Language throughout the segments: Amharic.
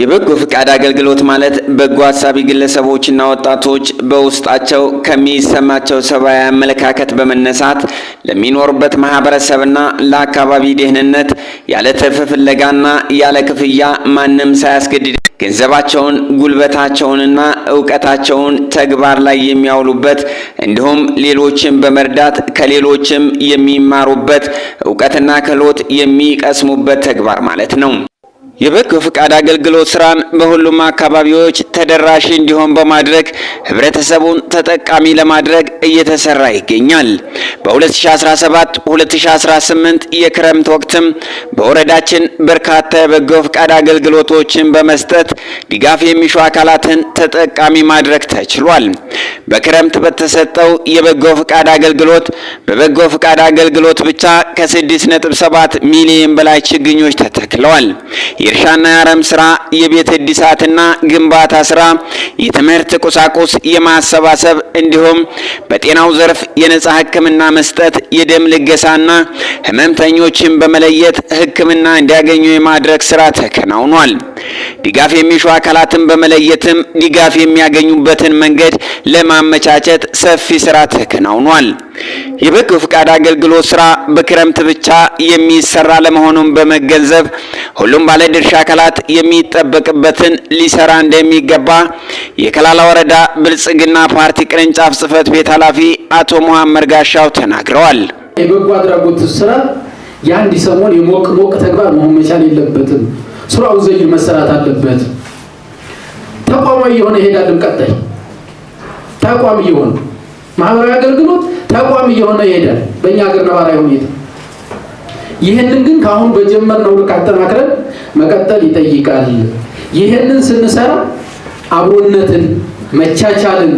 የበጎ ፍቃድ አገልግሎት ማለት በጎ አሳቢ ግለሰቦችና ወጣቶች በውስጣቸው ከሚሰማቸው ሰብአዊ አመለካከት በመነሳት ለሚኖሩበት ማህበረሰብና ለአካባቢ ደህንነት ያለ ትርፍ ፍለጋና ያለ ክፍያ ማንም ሳያስገድድ ገንዘባቸውን ጉልበታቸውንና እውቀታቸውን ተግባር ላይ የሚያውሉበት እንዲሁም ሌሎችን በመርዳት ከሌሎችም የሚማሩበት እውቀትና ክህሎት የሚቀስሙበት ተግባር ማለት ነው። የበጎ ፈቃድ አገልግሎት ስራን በሁሉም አካባቢዎች ተደራሽ እንዲሆን በማድረግ ህብረተሰቡን ተጠቃሚ ለማድረግ እየተሰራ ይገኛል። በ2017 2018 የክረምት ወቅትም በወረዳችን በርካታ የበጎ ፈቃድ አገልግሎቶችን በመስጠት ድጋፍ የሚሹ አካላትን ተጠቃሚ ማድረግ ተችሏል። በክረምት በተሰጠው የበጎ ፈቃድ አገልግሎት በበጎ ፈቃድ አገልግሎት ብቻ ከ6.7 ሚሊዮን በላይ ችግኞች ተተክለዋል። የእርሻና የአረም ስራ፣ የቤት እድሳትና ግንባታ ስራ፣ የትምህርት ቁሳቁስ የማሰባሰብ እንዲሁም በጤናው ዘርፍ የነጻ ሕክምና መስጠት፣ የደም ልገሳና ህመምተኞችን በመለየት ሕክምና እንዲያገኙ የማድረግ ስራ ተከናውኗል። ድጋፍ የሚሹ አካላትን በመለየትም ድጋፍ የሚያገኙበትን መንገድ ለማመቻቸት ሰፊ ስራ ተከናውኗል። የበጎ ፍቃድ አገልግሎት ስራ በክረምት ብቻ የሚሰራ ለመሆኑን በመገንዘብ ሁሉም ባለድርሻ አካላት የሚጠበቅበትን ሊሰራ እንደሚገባ የከላላ ወረዳ ብልጽግና ፓርቲ ቅርንጫፍ ጽህፈት ቤት ኃላፊ አቶ መሐመድ ጋሻው ተናግረዋል። የበጎ አድራጎት ስራ የአንድ ሰሞን የሞቅ ሞቅ ተግባር መሆን መቻል የለበትም። ስራው ዘይል መሰራት አለበት። ተቋማዊ የሆነ ይሄዳልም ቀጣይ ተቋም እየሆነ ማህበራዊ አገልግሎት ተቋም እየሆነ ይሄዳል በእኛ ሀገር ነባራዊ ሁኔታ። ይህንን ግን ከአሁን በጀመርነው ልክ አጠናክረን መቀጠል ይጠይቃል። ይህንን ስንሰራ አብሮነትን፣ መቻቻልን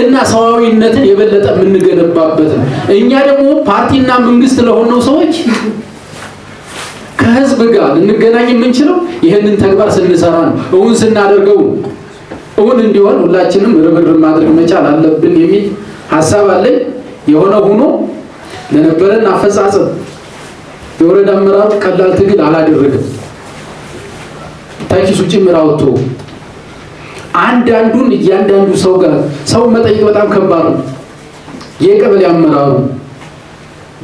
እና ሰዋዊነትን የበለጠ የምንገነባበት ነው። እኛ ደግሞ ፓርቲና መንግስት ለሆነው ሰዎች ከህዝብ ጋር ልንገናኝ የምንችለው ይህንን ተግባር ስንሰራ ነው፣ እውን ስናደርገው እውን እንዲሆን ሁላችንም ርብርብ ማድረግ መቻል አለብን የሚል ሀሳብ አለኝ። የሆነ ሆኖ ለነበረን አፈጻጸም የወረዳ አመራሩ ቀላል ትግል አላደረግም። ታኪሱ ጭምር አወጥቶ አንዳንዱን እያንዳንዱ ሰው ጋር ሰው መጠየቅ በጣም ከባድ ነው። የቀበሌ አመራሩ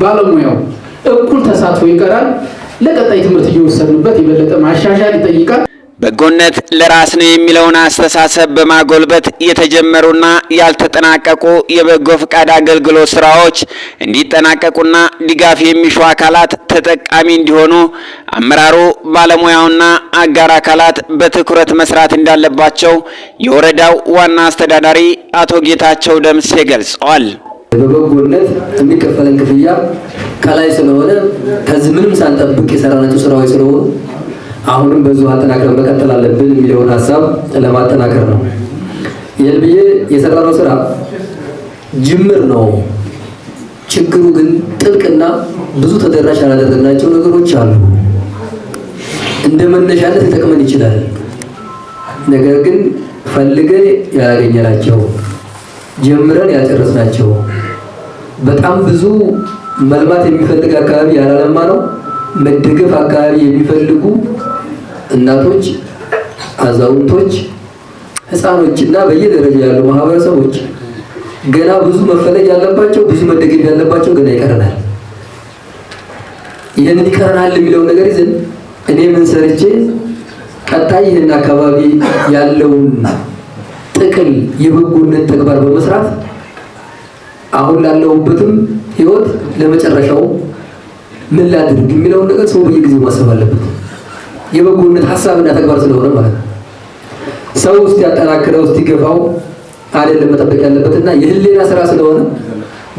ባለሙያው እኩል ተሳትፎ ይቀራል። ለቀጣይ ትምህርት እየወሰድንበት የበለጠ ማሻሻል ይጠይቃል። በጎነት ለራስ ነው የሚለውን አስተሳሰብ በማጎልበት የተጀመሩና ያልተጠናቀቁ የበጎ ፍቃድ አገልግሎት ስራዎች እንዲጠናቀቁና ድጋፍ የሚሹ አካላት ተጠቃሚ እንዲሆኑ አመራሩ፣ ባለሙያውና አጋር አካላት በትኩረት መስራት እንዳለባቸው የወረዳው ዋና አስተዳዳሪ አቶ ጌታቸው ደምሴ ገልጸዋል። በበጎነት የሚከፈለን ክፍያ ከላይ ስለሆነ ከዚህ ምንም ሳንጠብቅ የሰራናቸው ስራዎች ስለሆኑ አሁንም በዚሁ አጠናክረን መቀጠል አለብን የሚለውን ሀሳብ ለማጠናከር ነው። የልብዬ የሰራነው ስራ ጅምር ነው። ችግሩ ግን ጥልቅና ብዙ ተደራሽ ያላደረግናቸው ነገሮች አሉ። እንደ መነሻነት ሊጠቅመን ይችላል። ነገር ግን ፈልገን ያላገኘናቸው፣ ጀምረን ያልጨረስናቸው፣ በጣም ብዙ መልማት የሚፈልግ አካባቢ ያላለማ ነው መደገፍ አካባቢ የሚፈልጉ እናቶች፣ አዛውንቶች፣ ህፃኖች እና በየደረጃ ያሉ ማህበረሰቦች ገና ብዙ መፈለግ ያለባቸው ብዙ መደገፍ ያለባቸው ገና ይቀረናል። ይህንን ይቀረናል የሚለውን ነገር ይዘን እኔ ምን ሰርቼ ቀጣይ ይህን አካባቢ ያለውን ጥቅል የበጎነት ተግባር በመስራት አሁን ላለሁበትም ህይወት ለመጨረሻው ምን ላድርግ የሚለውን ነገር ሰው በየጊዜው ማሰብ አለበት። የበጎነት ሀሳብና ተግባር ስለሆነ ማለት ነው። ሰው ውስጥ ያጠናክረው ውስጥ ይገፋው አይደለም መጠበቅ ያለበትና የህሌና ስራ ስለሆነ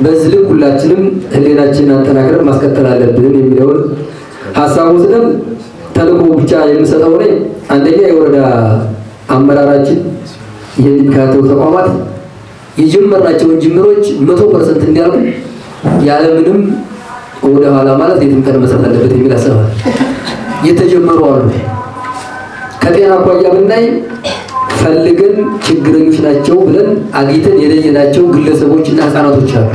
በዚህ ልክ ሁላችንም ህሌናችንን አጠናክረን ማስቀጠል አለብን የሚለውን ሀሳብ ስለም ተልእኮ ብቻ የምሰጠው ላይ አንደኛ የወረዳ አመራራችን የሚካተው ተቋማት የጀመርናቸውን ጅምሮች መቶ ፐርሰንት እንዲያልቁ ያለምንም ወደኋላ ማለት የትም ቀን መስራት አለበት የሚል አሰባል የተጀመሩ አሉ። ከጤና አኳያ ብናይ ፈልገን ችግረኞች ናቸው ብለን አግኝተን የለየናቸው ግለሰቦችና ህፃናቶች አሉ።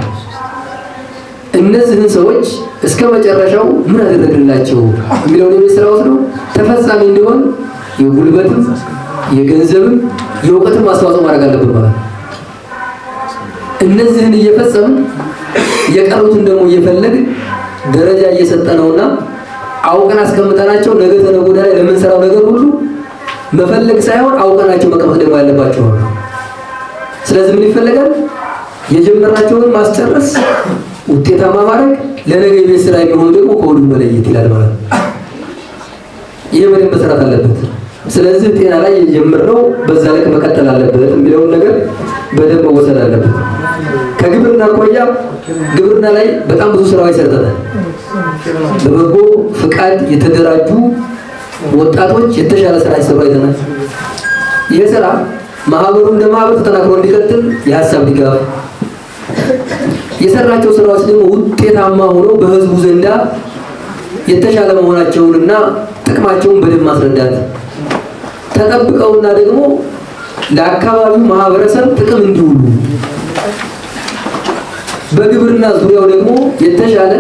እነዚህን ሰዎች እስከ መጨረሻው ምን አደረግንላቸው የሚለውን የቤት ስራ ወስዶ ተፈጻሚ እንዲሆን የጉልበትም የገንዘብም የእውቀትም አስተዋጽኦ ማድረግ አለብን ማለት እነዚህን እየፈጸምን የቀሩትን ደግሞ እየፈለግን ደረጃ እየሰጠ ነውና? አውቀን አስቀምጠናቸው ነገ ተነጎዳ ላይ ለምንሰራው ነገር ሁሉ መፈለግ ሳይሆን አውቀናቸው መቀመጥ ደግሞ ያለባቸው። ስለዚህ ምን ይፈለጋል? የጀመራቸውን ማስጨረስ፣ ውጤታማ ማድረግ፣ ለነገ የቤት ስራ የሚሆኑ ደግሞ ከሁሉ መለየት ይላል ማለት ነው። ይሄ በደንብ መሰራት አለበት። ስለዚህ ጤና ላይ የጀመርነው በዛ ልክ መቀጠል አለበት የሚለውን ነገር በደንብ መወሰድ አለበት ከግብርና አኳያ ግብርና ላይ በጣም ብዙ ስራዎች ሰርተናል። በበጎ ፍቃድ የተደራጁ ወጣቶች የተሻለ ስራ ይሰሩ አይተናል። ይህ ስራ ማህበሩ እንደ ማህበር ተጠናክሮ እንዲቀጥል የሀሳብ ድጋፍ የሰራቸው ስራዎች ደግሞ ውጤታማ ሆኖ በህዝቡ ዘንዳ የተሻለ መሆናቸውንና ጥቅማቸውን በደንብ ማስረዳት ተጠብቀውና ደግሞ ለአካባቢው ማህበረሰብ ጥቅም እንዲውሉ በግብርና ዙሪያው ደግሞ የተሻለ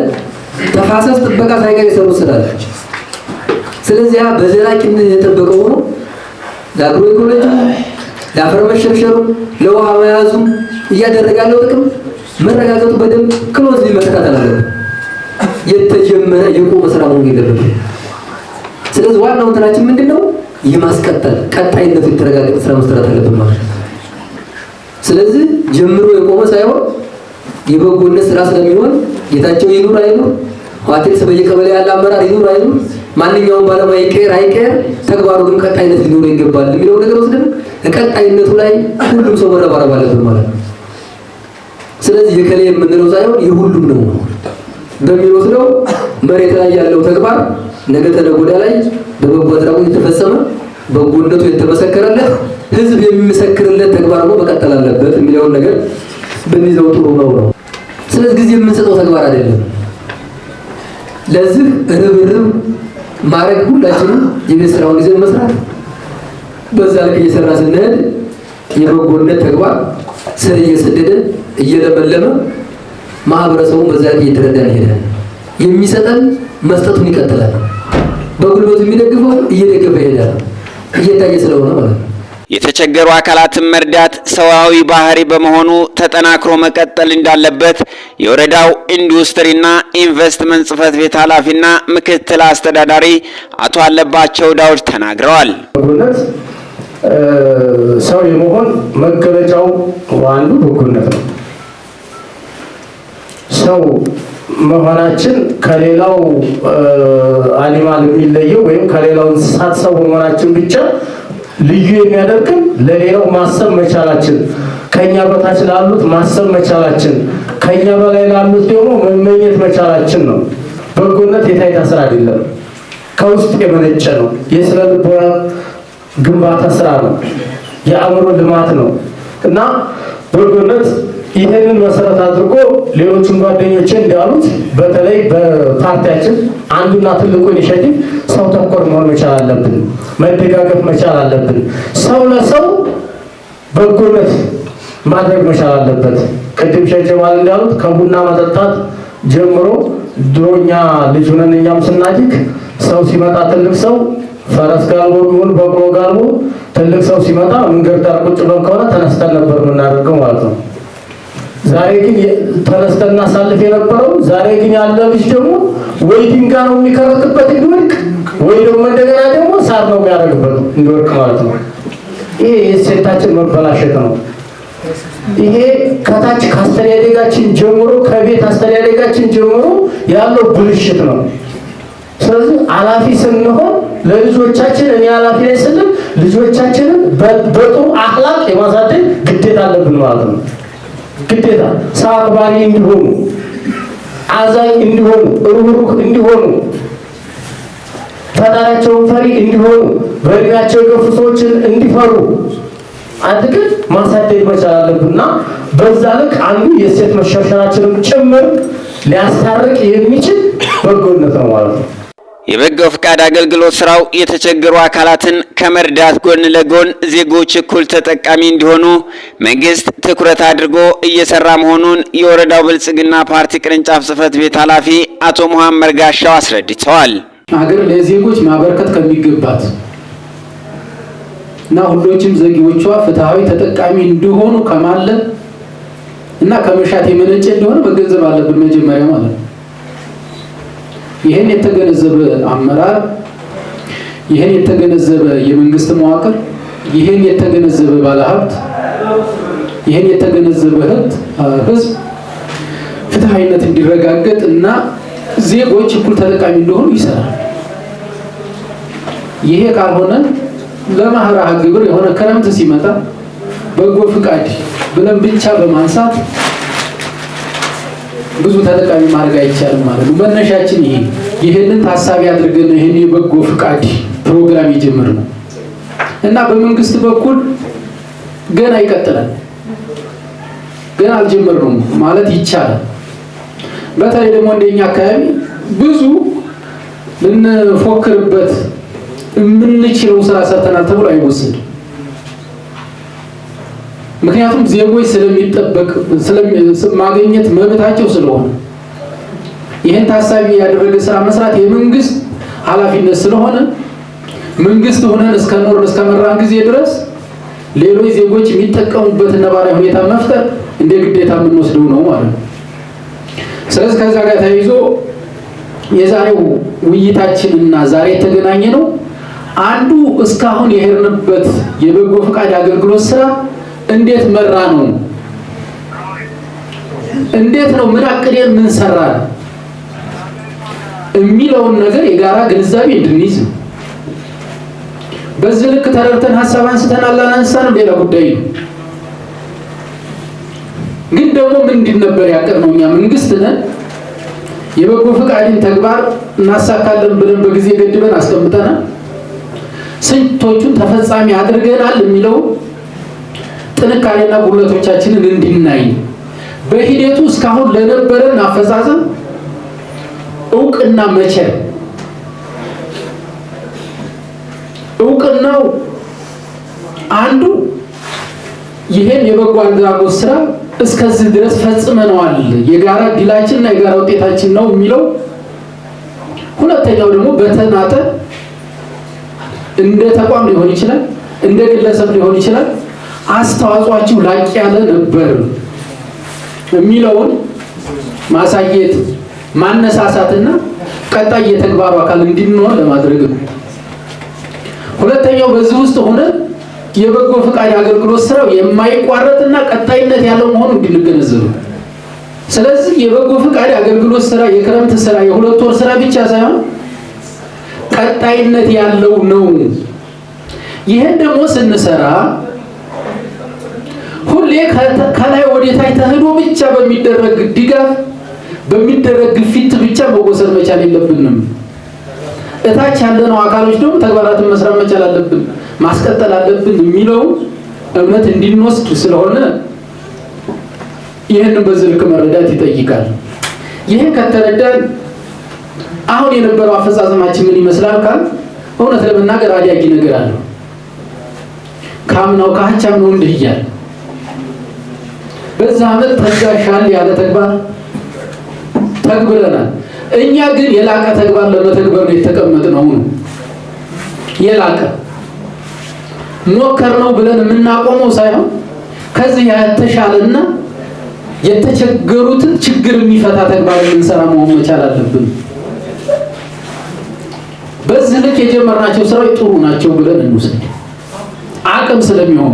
ተፋሰስ ጥበቃ ሳይቀር የሰሩ ስላለች ስለዚህ በዘላቂነት የጠበቀ ሆኖ ለአግሮ ኢኮሎጂ ለአፈር መሸርሸሩ ለውሃ መያዙ እያደረገ ያለው ጥቅም መረጋገጡ በደንብ ክሎዝ መከታተል አለ። የተጀመረ የቆመ ስራ መሆን የለበት ስለዚህ ዋናው እንትናችን ምንድን ነው? የማስቀጠል ቀጣይነቱ የተረጋገጠ ስራ መስራት አለብን ማለት ነው። ስለዚህ ጀምሮ የቆመ ሳይሆን የበጎነት ስራ ስለሚሆን ጌታቸው ይኑር አይኑር፣ ሆቴልስ በየቀበሌ ያለ አመራር ይኑር አይኑር፣ ማንኛውም ባለሙያ ይቀር አይቀር፣ ተግባሩ ግን ቀጣይነት ሊኖረው ይገባል የሚለው ነገር ወስደን ቀጣይነቱ ላይ ሁሉም ሰው መረባረብ አለበት ማለት ነው። ስለዚህ የከሌ የምንለው ሳይሆን የሁሉም ነው በሚወስደው መሬት ላይ ያለው ተግባር ነገ ተነጎዳ ላይ በበጎ አድራጎት የተፈጸመ በጎነቱ የተመሰከረለት ህዝብ የሚመሰክርለት ተግባር ነው መቀጠል አለበት የሚለውን ነገር ብንይዘው ጥሩ ነው ነው። ስለዚህ ጊዜ የምንሰጠው ተግባር አይደለም። ለዚህ ርብርብ ማድረግ ሁላችንም የቤት ስራውን ጊዜ መስራት በዛ ልክ እየሰራ ስንሄድ የበጎነት ተግባር ስር እየሰደደ እየለመለመ ማህበረሰቡን በዛ ልክ እየተረዳን ይሄዳል። የሚሰጠን መስጠቱን ይቀጥላል። በጉልበቱ የሚደግፈው እየደገፈ ይሄዳል። እየታየ ስለሆነ ማለት ነው። የተቸገሩ አካላትን መርዳት ሰዋዊ ባህሪ በመሆኑ ተጠናክሮ መቀጠል እንዳለበት የወረዳው ኢንዱስትሪና ኢንቨስትመንት ጽህፈት ቤት ኃላፊና ምክትል አስተዳዳሪ አቶ አለባቸው ዳውድ ተናግረዋል። ሰው የመሆን መገለጫው አንዱ በጎነት ነው። ሰው መሆናችን ከሌላው አኒማል የሚለየው ወይም ከሌላው እንስሳት ሰው መሆናችን ብቻ ልዩ የሚያደርግን ለሌላው ማሰብ መቻላችን፣ ከኛ በታች ላሉት ማሰብ መቻላችን፣ ከኛ በላይ ላሉት ደግሞ መመኘት መቻላችን ነው። በጎነት የታይታ ስራ አይደለም፣ ከውስጥ የመነጨ ነው። የስነ ልቦና ግንባታ ስራ ነው፣ የአእምሮ ልማት ነው እና በጎነት ይህንን መሰረት አድርጎ ሌሎችን ጓደኞቼ እንዳሉት በተለይ በፓርቲያችን አንዱና ትልቁ ኢኒሼቲቭ ሰው ተኮር መሆን መቻል አለብን። መደጋገፍ መቻል አለብን። ሰው ለሰው በጎነት ማድረግ መቻል አለበት። ቅድም ሸጀማል እንዳሉት ከቡና መጠጣት ጀምሮ ድሮኛ ልጅ ሆነን እኛም ስናድግ ሰው ሲመጣ ትልቅ ሰው ፈረስ ጋልቦ ቢሆን በቅሎ ጋልቦ ትልቅ ሰው ሲመጣ መንገድ ዳር ቁጭ ብለን ከሆነ ተነስተን ነበር የምናደርገው ማለት ነው። ዛሬ ግን ተነስተን እናሳልፍ የነበረው ዛሬ ግን ያለ ልጅ ደግሞ ወይ ድንጋይ ነው የሚከረትበት እንዲወድቅ፣ ወይ ደግሞ እንደገና ደግሞ ሳር ነው የሚያደርግበት እንዲወድቅ ማለት ነው። ይሄ የሴታችን መበላሸት ነው። ይሄ ከታች ከአስተዳደጋችን ጀምሮ ከቤት አስተዳደጋችን ጀምሮ ያለው ብልሽት ነው። ስለዚህ አላፊ ስንሆን ለልጆቻችን እኔ አላፊ ላይ ስንል ልጆቻችንን በጥሩ አክላቅ የማሳደግ ግዴታ አለብን ማለት ነው። ግዴታ ሰው አክባሪ እንዲሆኑ፣ አዛኝ እንዲሆኑ፣ ሩህሩህ እንዲሆኑ፣ ፈጣሪያቸውን ፈሪ እንዲሆኑ፣ በእድሜያቸው የገፉ ሰዎችን እንዲፈሩ አድርገን ማሳደግ መቻል አለብንና በዛ ልክ አንዱ የሴት መሻሻላችንም ጭምር ሊያስታርቅ የሚችል በጎነት ነው ማለት ነው። የበጎ ፈቃድ አገልግሎት ስራው የተቸገሩ አካላትን ከመርዳት ጎን ለጎን ዜጎች እኩል ተጠቃሚ እንዲሆኑ መንግስት ትኩረት አድርጎ እየሰራ መሆኑን የወረዳው ብልጽግና ፓርቲ ቅርንጫፍ ጽህፈት ቤት ኃላፊ አቶ መሐመድ ጋሻው አስረድተዋል። አገር ለዜጎች ማበረከት ከሚገባት እና ሁሎችም ዜጎቿ ፍትሐዊ ተጠቃሚ እንዲሆኑ ከማለት እና ከመሻት የመነጨ እንደሆነ መገንዘብ አለብን መጀመሪያ ማለት ነው። ይህን የተገነዘበ አመራር፣ ይህን የተገነዘበ የመንግስት መዋቅር፣ ይህን የተገነዘበ ባለሀብት፣ ይህን የተገነዘበ ህዝብ ፍትሐዊነት እንዲረጋገጥ እና ዜጎች እኩል ተጠቃሚ እንደሆኑ ይሰራል። ይሄ ካልሆነ ለማህራ ግብር የሆነ ክረምት ሲመጣ በጎ ፍቃድ ብለን ብቻ በማንሳት ብዙ ተጠቃሚ ማድረግ አይቻልም ማለት ነው። መነሻችን ይሄ ይህንን ታሳቢ አድርገን ይህን የበጎ ፍቃድ ፕሮግራም የጀመር ነው እና በመንግስት በኩል ገና ይቀጥላል። ገና አልጀመርነውም ማለት ይቻላል። በተለይ ደግሞ እንደኛ አካባቢ ብዙ ልንፎክርበት የምንችለው ስራ ሰርተናል ተብሎ አይወሰድም። ምክንያቱም ዜጎች ስለሚጠበቅ ማግኘት መብታቸው ስለሆነ ይህን ታሳቢ ያደረገ ስራ መስራት የመንግስት ኃላፊነት ስለሆነ መንግስት ሆነን እስከ እስከኖርን እስከመራን ጊዜ ድረስ ሌሎች ዜጎች የሚጠቀሙበት ነባራዊ ሁኔታ መፍጠር እንደ ግዴታ የምንወስደው ነው ማለት ነው። ስለዚህ ከዛ ጋር ተያይዞ የዛሬው ውይይታችንና ዛሬ የተገናኘ ነው አንዱ እስካሁን የሄድንበት የበጎ ፈቃድ አገልግሎት ስራ እንዴት መራ ነው? እንዴት ነው? ምን አቅደን ምን ሰራን? የሚለውን ነገር የጋራ ግንዛቤ እንድንይዝ በዚህ ልክ ተረድተን ሀሳብ አንስተን አላነሳንም፣ ሌላ ጉዳይ ነው። ግን ደግሞ ምንድን ነበር ያቀድነው? እኛ መንግስት ነን የበጎ ፈቃድን ተግባር እናሳካለን ብለን በጊዜ ገድበን አስቀምጠናል። ስንቶቹን ተፈጻሚ አድርገናል የሚለው ጥንካሬና ጉድለቶቻችንን እንድናይ በሂደቱ እስካሁን ለነበረን አፈጻጸም እውቅና መቼ እውቅናው አንዱ ይሄን የበጎ አድራጎት ስራ እስከዚህ ድረስ ፈጽመነዋል፣ የጋራ ድላችንና የጋራ ውጤታችን ነው የሚለው። ሁለተኛው ደግሞ በተናጠ እንደ ተቋም ሊሆን ይችላል፣ እንደ ግለሰብ ሊሆን ይችላል አስተዋጽኦአችሁ ላቅ ያለ ነበር የሚለውን ማሳየት ማነሳሳትና ቀጣይ የተግባሩ አካል እንዲኖር ለማድረግ ነው። ሁለተኛው በዚህ ውስጥ ሆነ የበጎ ፈቃድ አገልግሎት ስራው የማይቋረጥና ቀጣይነት ያለው መሆኑ እንድንገነዘብ። ስለዚህ የበጎ ፈቃድ አገልግሎት ስራ የክረምት ስራ የሁለት ወር ስራ ብቻ ሳይሆን ቀጣይነት ያለው ነው። ይህን ደግሞ ስንሰራ ሁሌ ከላይ ወደ ታች ተህዶ ብቻ በሚደረግ ድጋፍ በሚደረግ ግፊት ብቻ መወሰድ መቻል የለብንም። እታች ያለነው አካሎች ደግሞ ተግባራትን መስራት መቻል አለብን፣ ማስቀጠል አለብን የሚለው እምነት እንድንወስድ ስለሆነ ይህንን በዝልክ መረዳት ይጠይቃል። ይህን ከተረዳን አሁን የነበረው አፈጻጸማችን ምን ይመስላል ካል እውነት ለመናገር አዲያቂ ነገር አለው። ከአምናው ነው እንድህያል በዛ ዓመት ተጋሻል ያለ ተግባር ተግብረናል። እኛ ግን የላቀ ተግባር ለመተግበር ነው የተቀመጥነው። የላቀ ሞከር ነው ብለን የምናቆመው ሳይሆን ከዚህ የተሻለና የተቸገሩትን ችግር የሚፈታ ተግባር የምንሰራ መሆን መቻል አለብን። በዚህ ልክ የጀመርናቸው ስራዎች ጥሩ ናቸው ብለን እንውሰድ፣ አቅም ስለሚሆኑ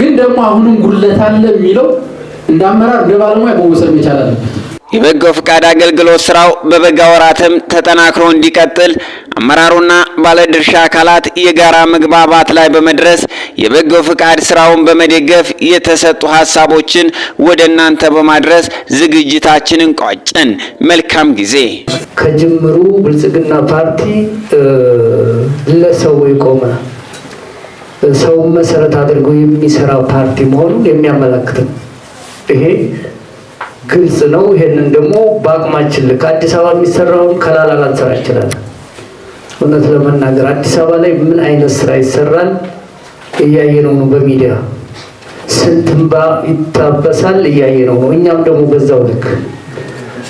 ግን ደግሞ አሁንም ጉድለት አለ የሚለው እንደ አመራር እንደ ባለሙያ መወሰድ መቻል አለበት። የበጎ ፍቃድ አገልግሎት ስራው በበጋ ወራትም ተጠናክሮ እንዲቀጥል አመራሩና ባለድርሻ አካላት የጋራ መግባባት ላይ በመድረስ የበጎ ፍቃድ ስራውን በመደገፍ የተሰጡ ሀሳቦችን ወደ እናንተ በማድረስ ዝግጅታችንን ቋጨን። መልካም ጊዜ። ከጅምሩ ብልጽግና ፓርቲ ለሰው ይቆማል። ሰውን መሰረት አድርጎ የሚሰራ ፓርቲ መሆኑን የሚያመላክት ነው። ይሄ ግልጽ ነው። ይሄንን ደግሞ በአቅማችን ልክ አዲስ አበባ የሚሰራውን ከላላ ላንሰራ ይችላል። እውነት ለመናገር አዲስ አበባ ላይ ምን አይነት ስራ ይሰራል እያየነው ነው። በሚዲያ ስንት እንባ ይታበሳል እያየነው ነው። እኛም ደግሞ በዛው ልክ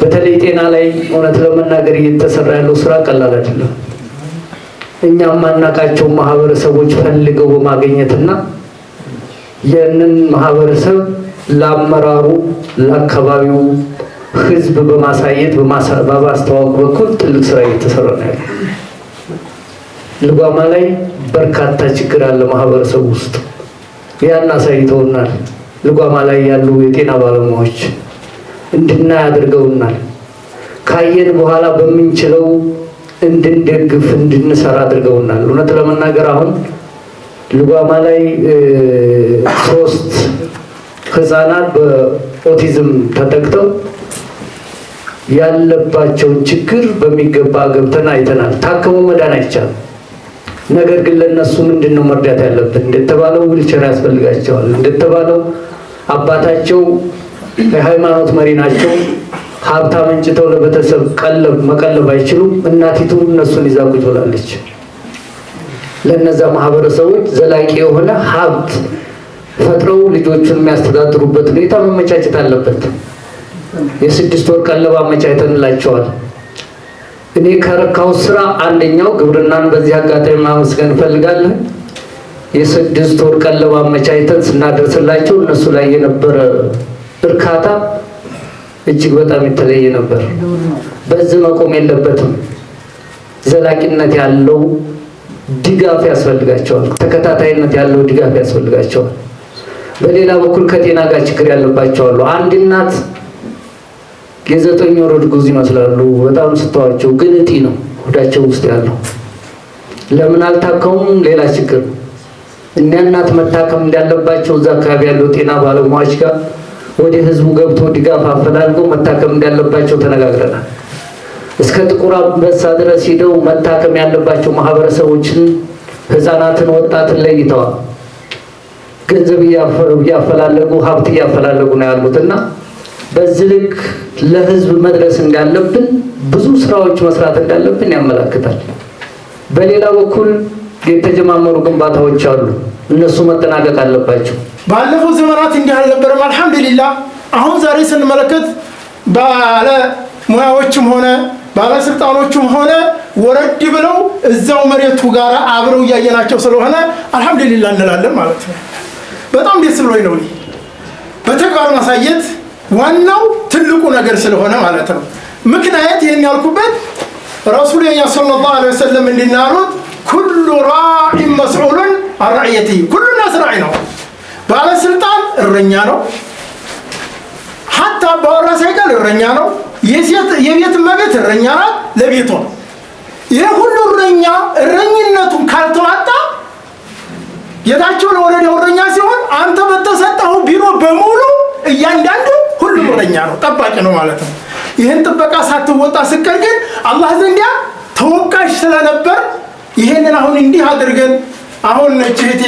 በተለይ ጤና ላይ እውነት ለመናገር እየተሰራ ያለው ስራ ቀላል አይደለም። እኛ የማናውቃቸው ማህበረሰቦች ፈልገው በማግኘትና ይህንን ማህበረሰብ ለአመራሩ፣ ለአካባቢው ህዝብ በማሳየት በማስተዋወቅ በኩል ትልቅ ስራ እየተሰራ ነው ያለ። ልጓማ ላይ በርካታ ችግር አለ ማህበረሰቡ ውስጥ። ያን አሳይተውናል። ልጓማ ላይ ያሉ የጤና ባለሙያዎች እንድናይ አድርገውናል። ካየን በኋላ በምንችለው እንድንደግፍ እንድንሰራ አድርገውናል። እውነት ለመናገር አሁን ልጓማ ላይ ሶስት ህፃናት በኦቲዝም ተጠቅተው ያለባቸውን ችግር በሚገባ ገብተን አይተናል። ታክሞ መዳን አይቻልም። ነገር ግን ለእነሱ ምንድን ነው መርዳት ያለብን? እንደተባለው ዊልቸር ያስፈልጋቸዋል። እንደተባለው አባታቸው የሃይማኖት መሪ ናቸው። ሀብታም እንጭተው ለቤተሰብ ቀለብ መቀለብ አይችሉም። እናቲቱ እነሱን ይዛ ቁጭ ብላለች። ለእነዛ ማህበረሰቦች ዘላቂ የሆነ ሀብት ፈጥረው ልጆቹን የሚያስተዳድሩበት ሁኔታ መመቻቸት አለበት። የስድስት ወር ቀለብ አመቻችተንላቸዋል። እኔ ከረካው ስራ አንደኛው ግብርናን በዚህ አጋጣሚ ማመስገን እንፈልጋለን። የስድስት ወር ቀለብ አመቻችተን ስናደርስላቸው እነሱ ላይ የነበረ እርካታ እጅግ በጣም የተለየ ነበር። በዚህ መቆም የለበትም። ዘላቂነት ያለው ድጋፍ ያስፈልጋቸዋል። ተከታታይነት ያለው ድጋፍ ያስፈልጋቸዋል። በሌላ በኩል ከጤና ጋር ችግር ያለባቸው አሉ። አንድ እናት የዘጠኝ ወር እርጉዝ ይመስላሉ። በጣም ስተዋቸው ግን እጢ ነው ሆዳቸው ውስጥ ያለው። ለምን አልታከሙም? ሌላ ችግር እኒያ እናት መታከም እንዳለባቸው እዛ አካባቢ ያለው ጤና ባለሙያዎች ጋር ወደ ህዝቡ ገብቶ ድጋፍ አፈላልጎ መታከም እንዳለባቸው ተነጋግረናል። እስከ ጥቁር አንበሳ ድረስ ሂደው መታከም ያለባቸው ማህበረሰቦችን፣ ህፃናትን፣ ወጣትን ለይተዋል። ገንዘብ እያፈላለጉ ሀብት እያፈላለጉ ነው ያሉት እና በዚህ ልክ ለህዝብ መድረስ እንዳለብን ብዙ ስራዎች መስራት እንዳለብን ያመላክታል። በሌላ በኩል የተጀማመሩ ግንባታዎች አሉ። እነሱ መጠናቀቅ አለባቸው። ባለፈው ዘመናት እንዲህ አልነበረም። አልሐምዱሊላ አሁን ዛሬ ስንመለከት ባለ ሙያዎችም ሆነ ባለስልጣኖችም ሆነ ወረድ ብለው እዛው መሬቱ ጋር አብረው እያየናቸው ስለሆነ አልሐምዱሊላ እንላለን ማለት ነው። በጣም ደስ ብሎኝ ነው በተግባር ማሳየት ዋናው ትልቁ ነገር ስለሆነ ማለት ነው። ምክንያት ይህን ያልኩበት ረሱሉ ሰለላሁ ዐለይሂ ወሰለም እንዲናሩት ኩሉ ራዒን መስዑሉን አራዕየት ሁሉ ናስ ነው። ባለስልጣን እረኛ ነው። ሀታ አባወራ ሳይቀር እረኛ ነው። የቤት መቤት እረኛ ናት ለቤቷ። ይህ ሁሉ እረኛ እረኝነቱን ካልተዋጣ ጌታቸው ለወረዳው እረኛ ሲሆን፣ አንተ በተሰጠው ቢሮ በሙሉ እያንዳንዱ ሁሉም እረኛ ነው፣ ጠባቂ ነው ማለት ነው። ይህን ጥበቃ ሳትወጣ ስቀር ግን አላህ ዘንዲያ ተወቃሽ ስለነበር ይህንን አሁን እንዲህ አድርገን አሁን ነች እህቴ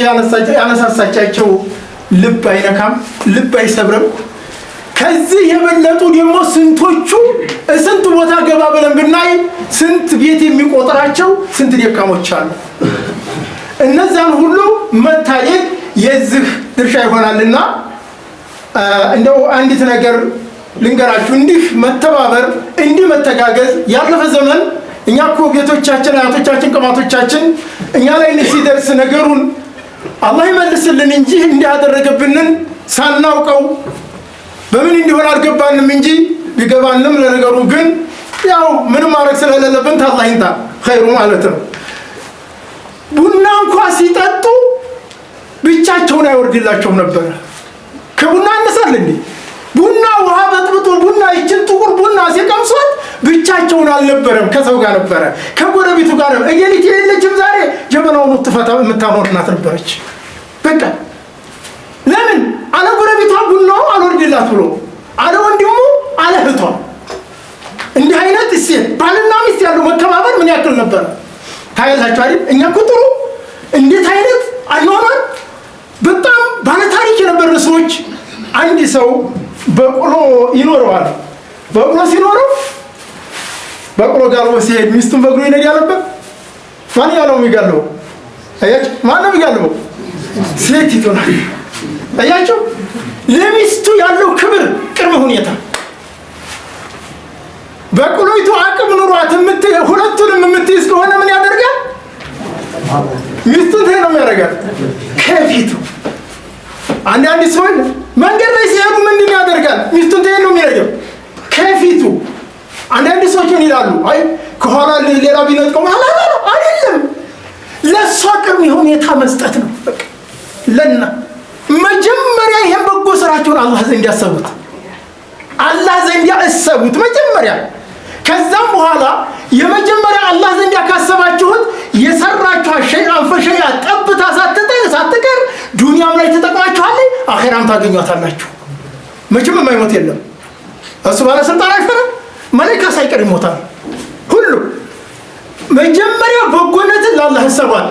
ያነሳሳቻቸው ልብ አይነካም፣ ልብ አይሰብርም። ከዚህ የበለጡ ደግሞ ስንቶቹ ስንት ቦታ ገባ ብለን ብናይ ስንት ቤት የሚቆጥራቸው ስንት ደካሞች አሉ። እነዛን ሁሉ መታየት የዚህ ድርሻ ይሆናልና እንደው አንዲት ነገር ልንገራችሁ። እንዲህ መተባበር፣ እንዲህ መተጋገዝ ያለፈ ዘመን እኛ እኮ ጌቶቻችን፣ አያቶቻችን፣ ቅማቶቻችን እኛ ላይ ሲደርስ ነገሩን አላህ ይመልስልን እንጂ እንዲያደረገብንን ሳናውቀው በምን እንዲሆን አልገባንም እንጂ ቢገባንም ለነገሩ ግን ያው ምንም ማድረግ ስለሌለብን ታላይንታ ኸይሩ ማለት ነው። ቡና እንኳ ሲጠጡ ብቻቸውን አይወርድላቸውም ነበረ። ከቡና አነሳል እንዴ? ቡና ውሃ በጥብጦ ቡና ይችን ጥቁር ቡና ሲቀምሷት ብቻቸውን አልነበረም፣ ከሰው ጋር ነበረ፣ ከጎረቤቱ ጋር ነበር። እየሊት የሌለችም ዛሬ ጀበናውን ትፈታ የምታኖር እናት ነበረች። በቃ ለምን አለ ጎረቤቷ ቡናው አልወርድላት ብሎ አለ ወንድሙ አለ እህቷ። እንዲህ አይነት እሴት ባልና ሚስት ያለው መከባበር ምን ያክል ነበረ ታያላችሁ አይደል? እኛ ቁጥሩ እንዴት አይነት አኗኗር በጣም ባለታሪክ የነበርን ሰዎች አንድ ሰው በቅሎ ይኖረዋል። በቅሎ ሲኖረው በቅሎ ጋልቦ ሲሄድ ሚስቱን በእግሩ ይነድ ያለበት ማን ያለው የሚጋልበው? አያችሁ፣ ማን ነው የሚጋልበው? ሴት ይቶናል። አያችሁ፣ ለሚስቱ ያለው ክብር ቅርብ ሁኔታ በቅሎይቱ አቅም ኑሯት ሁለቱንም የምትይዝ ከሆነ ምን ያደርጋል? ሚስቱን ነው የሚያደርጋት ከፊቱ አንዳንድ ሰው መንገድ ላይ ሲሄዱ ምንድን ያደርጋል? ሚስቱን ትሄድ ነው የሚረጀው ከፊቱ። አንዳንድ ሰዎች ምን ይላሉ? አይ ከኋላ ሌላ ቢነጥቀው አይደለም፣ ለእሷ ቅርብ ሁኔታ መስጠት ነው። ለና መጀመሪያ ይሄን በጎ ስራቸውን አላህ ዘንድ ያሰቡት፣ አላህ ዘንድ ያሰቡት መጀመሪያ። ከዛም በኋላ የመጀመሪያ አላህ ዘንድ ካሰባችሁት የሰራችኋት ሸይአን ፈሸይአ ጠብታ ሳትቀር ዱንያም ላይ ተጠቅማችኋል። አኼራም ታገኟታላችሁ። መቼም የማይሞት የለም። እሱ ባለስልጣን አይፈራም። መለካ ሳይቀር ይሞታል። ሁሉ መጀመሪያ በጎነትን ለአላህ ሰባል።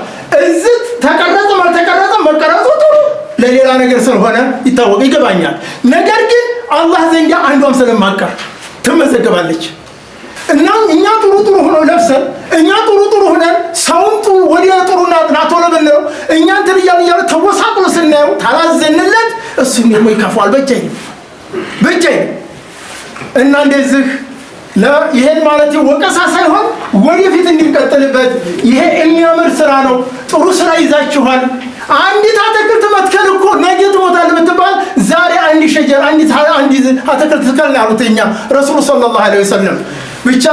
እዚህ ተቀረጸም አልተቀረጸም መቀረጡ ጥሩ ለሌላ ነገር ስለሆነ ይታወቅ ይገባኛል። ነገር ግን አላህ ዘንጋ አንዷም ስለማቀር ትመዘገባለች። እናም እኛ ጥሩ ጥሩ ሆኖ ለብሰን እኛ ጥሩ ጥሩ ሆነን ሰውን ወደ ጥሩና ጥናቶ ለበለው እኛ እንትን እያሉ እያሉ ተወሳቅሎ ስናየው ታላዘንለት እሱም ደግሞ ይከፋዋል። ብቻዬን ብቻዬን እና እንደዚህ ይሄን ማለት ወቀሳ ሳይሆን ወደፊት እንዲቀጥልበት ይሄ የሚያምር ስራ ነው። ጥሩ ስራ ይዛችኋል። አንዲት አትክልት መትከል እኮ ነገ ትሞታለህ ብትባል ዛሬ አንድ ሸጀር አንዲት አትክልት ትከል ያሉት እኛ ረሱሉ ሰለላሁ ዐለይሂ ወሰለም ብቻ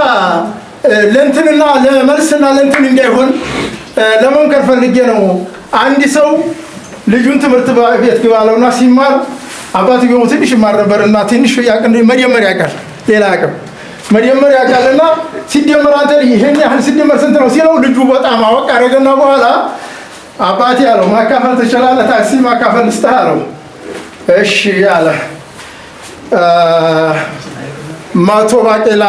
ለእንትንና ለመልስና ለእንትን እንዳይሆን ለመምከር ፈልጌ ነው። አንድ ሰው ልጁን ትምህርት ቤት ግባለውና አለውና ሲማር አባትየው ትንሽ ይማር ነበር እና ትንሽ መጀመሪያ ያውቃል፣ ሌላ አቅም መጀመሪያ ያውቃል እና ሲደመር አንተ ይሄን ያህል ሲደመር ስንት ነው ሲለው ልጁ በጣም አወቅ አደረገና በኋላ አባቴ አለው ማካፈል ትችላለህ፣ ታክሲ ማካፈል ልስጥህ አለው። እሺ አለ መቶ ባቄላ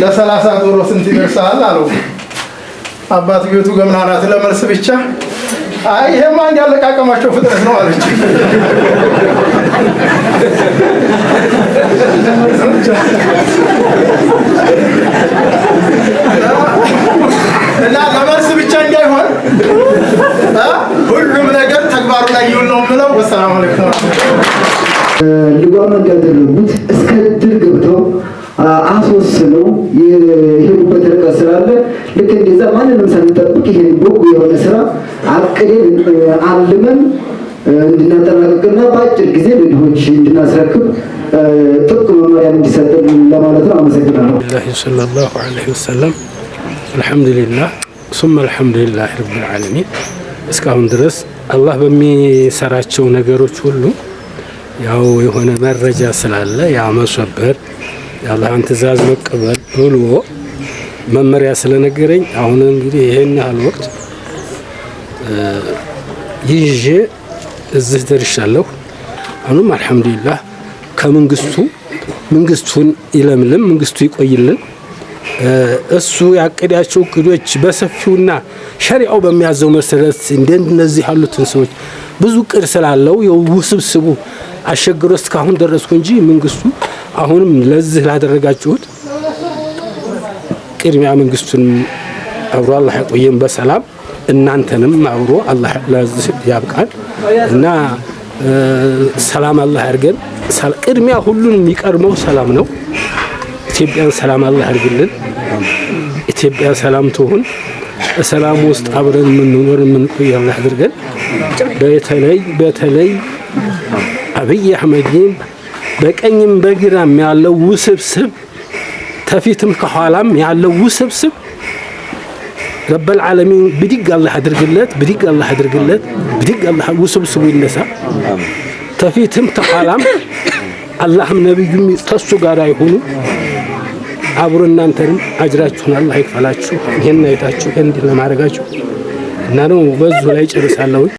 ለሰላሳ ዶሮ ስንት ይደርሳል አለው። አባት ቤቱ ገምና ለመልስ ብቻ አይ ይሄማ እንዲ ያለቃቀማቸው ፍጥነት ነው አለች። እና ለመልስ ብቻ እንዳይሆን ሁሉም ነገር ተግባሩ ላይ ይሁን ነው የምለው። ወሰላም አለይኩም ልጓም እንዳደረጉት እስከ ድር ገብተው አስወስነው የሄዱበት ርቀት ስላለ ልክ እንደዛ ማንንም ሳንጠብቅ ይሄን በጎ የሆነ ስራ አቅደን አልመን እንድናጠናቅቅና በአጭር ጊዜ ልጆች እንድናስረክብ ጥብቅ መመሪያ እንዲሰጥ ለማለት ነው። አመሰግናለሁ። ሰለላሁ ዐለይሂ ወሰለም አልሐምዱሊላህ ሱመ አልሐምዱሊላህ ረብል ዓለሚን እስካሁን ድረስ አላህ በሚሰራቸው ነገሮች ሁሉ ያው የሆነ መረጃ ስላለ ያ መሰበር የአላህን ትእዛዝ መቀበል ብሎ መመሪያ ስለነገረኝ አሁን እንግዲህ ይህን ያህል ወቅት ይዤ እዚህ ደርሻለሁ። አሁንም አልሐምዱሊላህ ከመንግስቱ መንግስቱን ይለምልም፣ መንግስቱ ይቆይልን። እሱ ያቀዳቸው እቅዶች በሰፊውና ሸሪዓው በሚያዘው መሰረት እንደ እነዚህ ያሉትን ሰዎች ብዙ ቅር ስላለው የውስብስቡ አሸግሮ እስካሁን ደረስኩ እንጂ መንግስቱ አሁንም ለዚህ ላደረጋችሁት ቅድሚያ መንግስቱን አብሮ አላህ ያቆየን በሰላም እናንተንም አብሮ አላህ ለዚህ ያብቃል እና ሰላም አላህ ያርገን። ቅድሚያ ሁሉንም የሚቀድመው ሰላም ነው። ኢትዮጵያን ሰላም አላህ ያርግልን። ኢትዮጵያ ሰላም ትሁን። ሰላም ውስጥ አብረን የምንኖር የምንቆይ አላህ ያድርገን። በተለይ በተለይ አብይ አህመድን በቀኝም በግራም ያለው ውስብስብ ተፊትም ከኋላም ያለው ውስብስብ ረበል ዓለሚን ብድግ አላህ አድርግለት፣ ብድግ አላህ አድርግለት፣ ብድግ አላህ ውስብስቡ ይነሳ። ተፊትም ተኋላም አላህም ነቢዩም ከሱ ጋር አይሆኑ አብሮ እናንተንም አጅራችሁን አላህ ይክፈላችሁ። ይሄን አይታችሁ ይሄን ለማድረጋችሁ እና ነው በዙ ላይ ጨርሳለሁ።